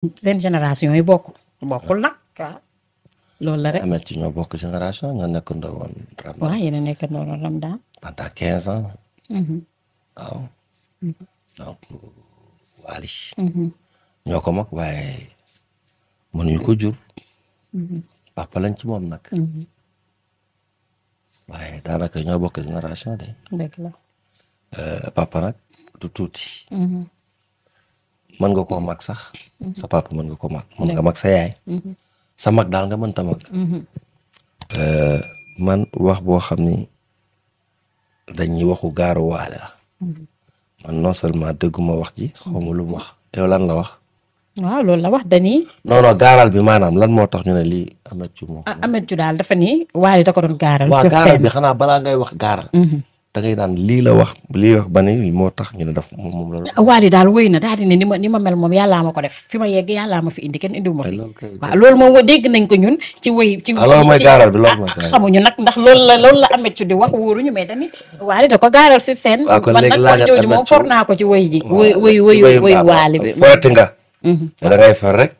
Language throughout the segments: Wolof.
seen génération yi bokk bokkul nag la rek Ameth ci ñoo bokk génération ñoo nekkandoo woon. Ramadan waaw yéen a quinze ans. Mhm. waaw. Mhm. Mhm. ñoo ko mag waaye mënuñu ko jur. papa lañ ci moom nag. waaye daanaka ñoo bokk génération de. Euh, papa nag du man nga koo mag sax mhm. sa papa mën nga ko mag mën nga mag sa yaay mhm. sa mag daal nga mënta mag mhm. euh, man wax boo xam ni dañuy waxu gaaru waale la man non seulement wax ji xawma lu wax yow lan la wax loolu la wax dani non non gaaral bi maanaam lan moo tax ñu ne lii Ameth Thiou moo ah, Ameth Thiou daal dafa nii waale da ko doon gaaral waaw gaaral bi xanaa balaa ngay wax gaaral da ngay naan lii la wax lii wax ba ni moo tax ñu ne daf moom la. Wally daal wéy na daal di ne ni ma ni ma mel moom yàllaa ma ko def fi ma yegg yàllaa ma fi indi kenn indiwu ma fi. waaw loolu moom dégg nañ ko ñun ci wéy. ci ah, loolu mooy gaaral bi loolu mooy ah, la loolu la Ameth Thiou di wax wóoruñu mais tamit Wally da ko gaaral sur seen waaw kon léegi laajal Ameth Thiou naa ko ci wéy ji. wéy wéy wéy wéy Wally bi footi nga. Mhm. da ngay for rek.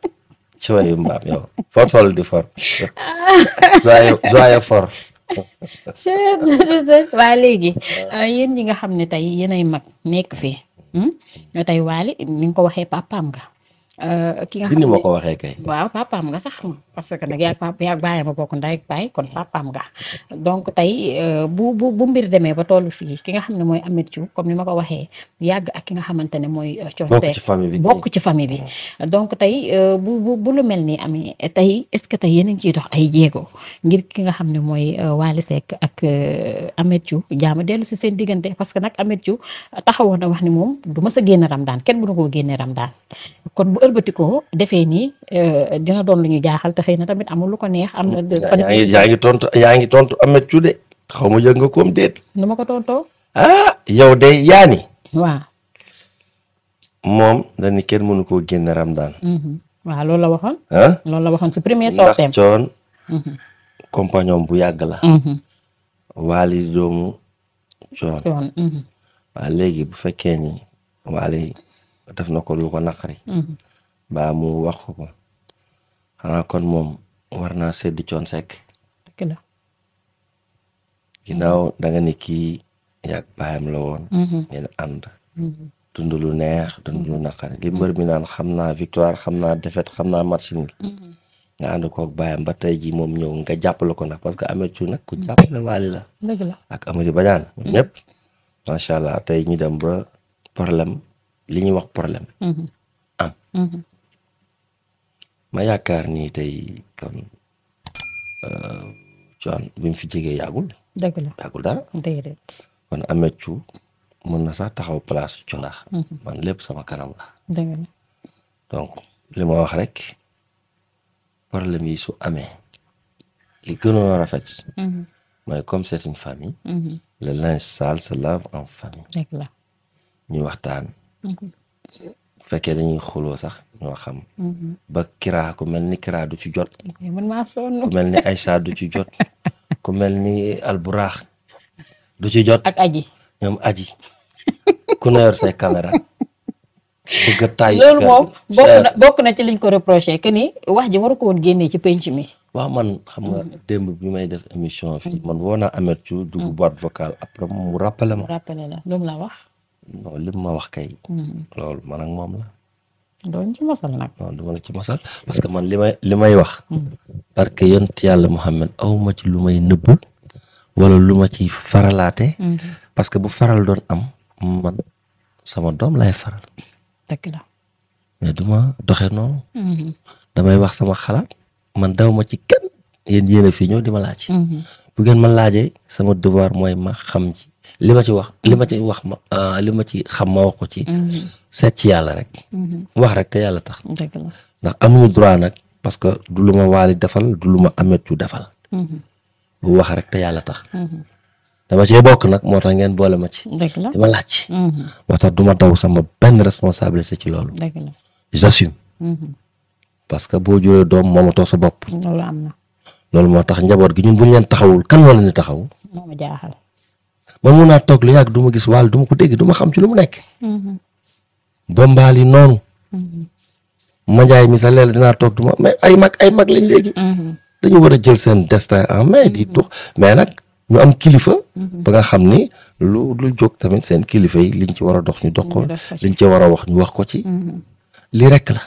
ci wéyu mbaam yow foo toll di for. joye joye for waa léegi euh, yéen ñi nga xam ne tey yéenay mag nekk fii hmm? tey waali ni nga ko waxee papaam nga Euh, ki nga xam ne ni ma ko waxee kay. waaw papaam sax parce que nag yaa papa ma bokk ndey ak kon papaam nga donc tey euh, bu bu bu mbir demee ba tollu fii ki nga xam ne mooy Ameth Thiou comme ni ma ko waxee yàgg ak ki nga xamante ne mooy. Euh, bokk ci bi bokk ci famille bi. Mm. donc tey bu bu bu lu mel nii amee tey est ce que tey yéen a ngi ciy dox ay jéego ngir ki nga xam ne mooy Wally Seck ak Ameth Thiou jaama dellu si seen diggante parce que nag Ameth Thiou taxawoon na wax ni moom du ma sa génne Ramadane kenn mënu koo génne Ramadane kon bu ëlbatikoo defee nii euh, dina doon lu ñu jaaxal te xëy na tamit amul lu ko neex. am na mm, yaa ngi tontu yaa ngi tontu Ameth Thiou xaw ma yëg nga koom déet. nu ma ko tontoo. ah yow de yaa ni. waaw. moom dañ ni kenn mënu koo génne Ramadaan. Mm-hmm. waaw loolu la waxoon. ah loolu la waxoon si premier sortem ndax coon. Mm-hmm. compagnon bu yàgg la. Mm-hmm. waali doomu coon. coon. waaw léegi bu fekkee ni waali def na ko lu ko naqari. mbaa mu wax ko ko kon moom war naa sedd coon sekk ginnaaw danga ni kii yàgg baayam la woon mhm. ngeen ànd mhm. dund lu neex dund lu mhm. naqari li mbër mi naan xam naa victoire xam naa defet xam naa match nul nga ànd koog baayam ba tey jii moom ñëw nga jàppale ko nag parce que Ameth Thiou nag ku jàppale Wally la ak Amady Badiane ñëpp macha allah tey ñu dem ba li ñuy wax problème ah. ma yaakaar ni tey kon euh, Thione bi mu fi jegee yàggul. dëgg la yàggul dara. déedéet. kon Ameth Thiou mën na sax taxaw place Thiona. Mhm. man lépp sama kanam la. dëgg li ma wax rek problème yi su amee li gënoon a rafet. Mhm. mooy comme c'est une famille. Mhm. le linge sale se lave en waxtaan. bu fekkee dañuy xuloo sax ñoo xam. Mhm. ba kiraa ku mel ni kiraa du ci jot. man maa sonn ku mel ni Aïcha du ci jot mel ni Alburaax du ci jot. ak aji ñoom aji ku ne yor say caméra. bëgg loolu moom bokk na bokk ci liñ ko reproché que wax ji waru ko woon génnee ci penc mi. wax man xam nga mhm. démb bi may def émission fii mhm. man woo naa Amath Thiou dugg boîte vocale après mu rappelé ma. rappelé la wax. non li ma wax kay. Mm-hmm. loolu man ak moom la. doon ci ma la parce que man li may li may wax. Mm-hmm. parce que yont yàlla Muhammad aw ma ci lu may nëbbu. wala lu ma ci faralaate. Mm-hmm. parce que bu faral doon am man sama doom lay faral. la. mais du ma doxe noonu. damay wax sama xalaat man daw ma ci kenn yéen a fii ñëw di ma laaj. bu ngeen ma laajee sama devoir mooy ma xam ci li ma ci wax li ma ci wax ma ah, li ma ci xam ma wax ko ci. Mhm. seet ci yàlla rek. Mhm. wax rek te yàlla tax. ndax am amuñu droit nag parce que du lu ma waali defal du lu ma amet yu defal. Mhm. bu wax rek te yàlla tax. dama cee bokk nag moo tax ngeen boole ma ci. dama laaj. moo tax du ma daw sama benn responsabilité ci loolu. j'assume. parce que boo juree doom moomatoo sa bopp. loolu moo tax njaboot gi ñun bu ñu leen taxawul kan moo leen di taxaw. man mun naa toog lu yàgg du ma gis wàll duma ko dégg du ma xam ci lu mu nekk. Mm-hmm. bombaal yi noonu. Mm-hmm. manjaay mi sa leel dinaa toog du ay mag ay mag lañ léegi. Mm-hmm. dañu war a jël seen destin en main di tux mais nag ñu am kilifa. ba nga xam ni lu lu jóg tamit seen kilifa yi liñ ci war a dox ñu dox ko liñ ci war a wax ñu wax ko ci. li rek la.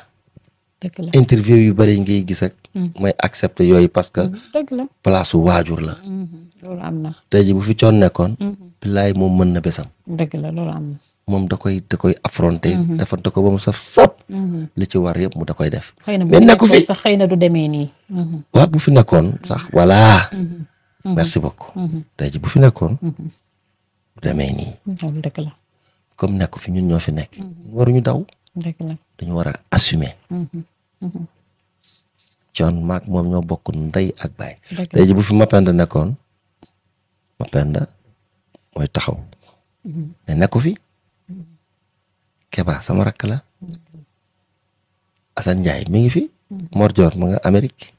interview yu bëri ngay gis ak. Mm. may accepter yooyu parce que. Mm. dëgg la place waajur mm-hmm. mm-hmm. la. loolu am na. bu fi coon nekkoon. billaay moom mën na besam. dëgg la loolu moom da koy da koy affronter. dafa mm-hmm. ko ba mu saf li ci war yëpp mu da koy def. mais nekku fi sax xëy na du demee nii. waaw bu fi nekkoon sax voilà. merci beaucoup. tey bu fi nekkoon. du demee nii. dëgg comme nekku fi ñun ñoo fi nekk. waruñu daw. dëgg la dañu war a coon mm-hmm. maak moom ñoo bokk ndey ak baay léegi bu fi Mapenda nekkoon Mapenda mooy taxaw mm-hmm. mais nekku fi mm-hmm. Keba sama rakk la Assane Ndiaye mi ngi fi Mor Dior ma nga Amérique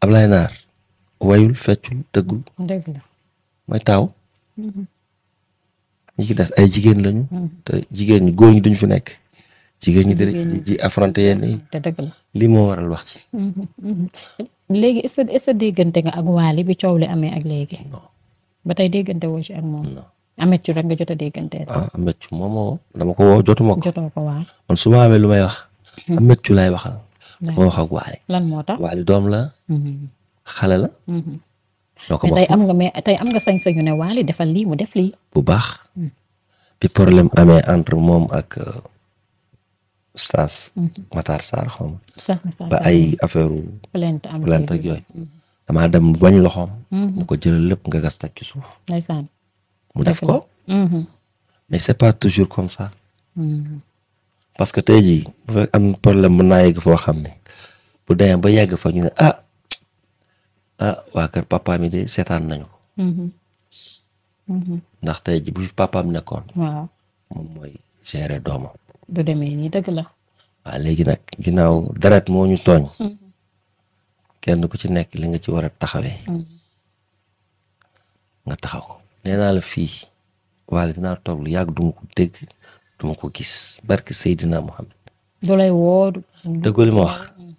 Ablaye Naar wayul feccul tëggul mooy taaw ñi ci des ay jigéen lañu te jigéen ñi góor ñi duñ fi nekk jigéen ñi di ji affronté yenn yi. te dëgg la lii moo waral wax ci. léegi est-ce déggante nga ak Waly bi coow li amee ak léegi. ba tey déggante woo ci ak moom. amet rek nga jot a déggante. ah amet ci moom moo dama ko woo jotuma ko. jotoo ko su ma amee lu may wax. Hmm. amet ci laay waxal. ma wax ak Waly. lan moo tax Waly doom la. Hmm. xale la. Hmm. ñoo ko bokk am nga mais tey am nga sañ-sañu ne Waly defal lii mu def lii. bu baax. bi problème amee entre moom ak. Euh, oustaz mhm. Matar Sarr xaw ma ba ay affaire plainte ak yooyu damaa dem bañ mhm. mu ko jëlal lépp nga gas teg ci suuf ndeysaan mu def ko mhm. mais c'est pas toujours comme ça parce que tey jii bu fekk am problème mën naa yegg foo xam ne bu demee ba yegg fa ñu a ah ah waa kër papa mi de seetaan nañu ko ndax tey jii bu fi papaam nekkoon moom mooy gérer du demee nii dëgg la. waaw léegi nag ginnaaw deret moo ñu tooñ. Mm-hmm. kenn ku ci nekk li nga ci war a taxawee. Mm-hmm. nga taxaw nee naa la fii wala dinaa toog lu yàgg duma ko dégg duma ko gis barke Seydina Muhammad. du lay woo. dëgg li ma wax. Mm-hmm.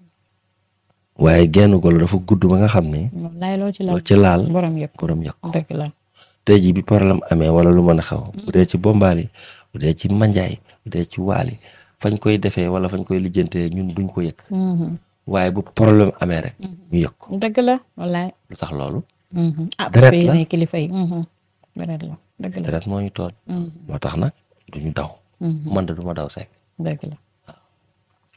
waaye genn golo dafa gudd ba nga xam ne. wallaay loo ci laal loo ci laal borom yëpp borom yëpp. dëgg la tey jii bi problème amee wala lu mën a xaw. bu dee ci bombaali bu dee ci manjaay bu dee ci waali fañ koy defee wala fañ koy lijjantee ñun duñ ko yëg mm-hmm. waaye bu problème amee rek mm-hmm. ñu yëg ko la wallaay lu tax loolu mm-hmm. ah, deret la kilifa yi deret la dëgg moo ñu toon moo tax nag duñu daw man da duma daw sekk dëgg la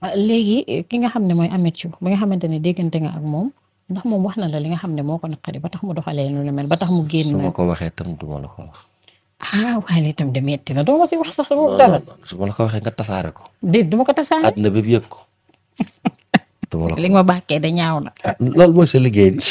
ah, léegi eh, ki nga xam ne mooy Ameth Thiou bi nga xamante ne déggante nga ak moom ndax moom wax na la li nga xam ne moo ko naqari ba tax mu doxalee nu ne mel ba tax mu génn su ko waxee tam duma ko wax ah lii itam de metti na doo ma si wax sax dama dalal. su ma la ko waxee nga tasaare ko. déet du ma ko tasaare. àdduna bi yëg ko. li nga ma bàkkee da ñaaw na. ah loolu mooy sa liggéey bi.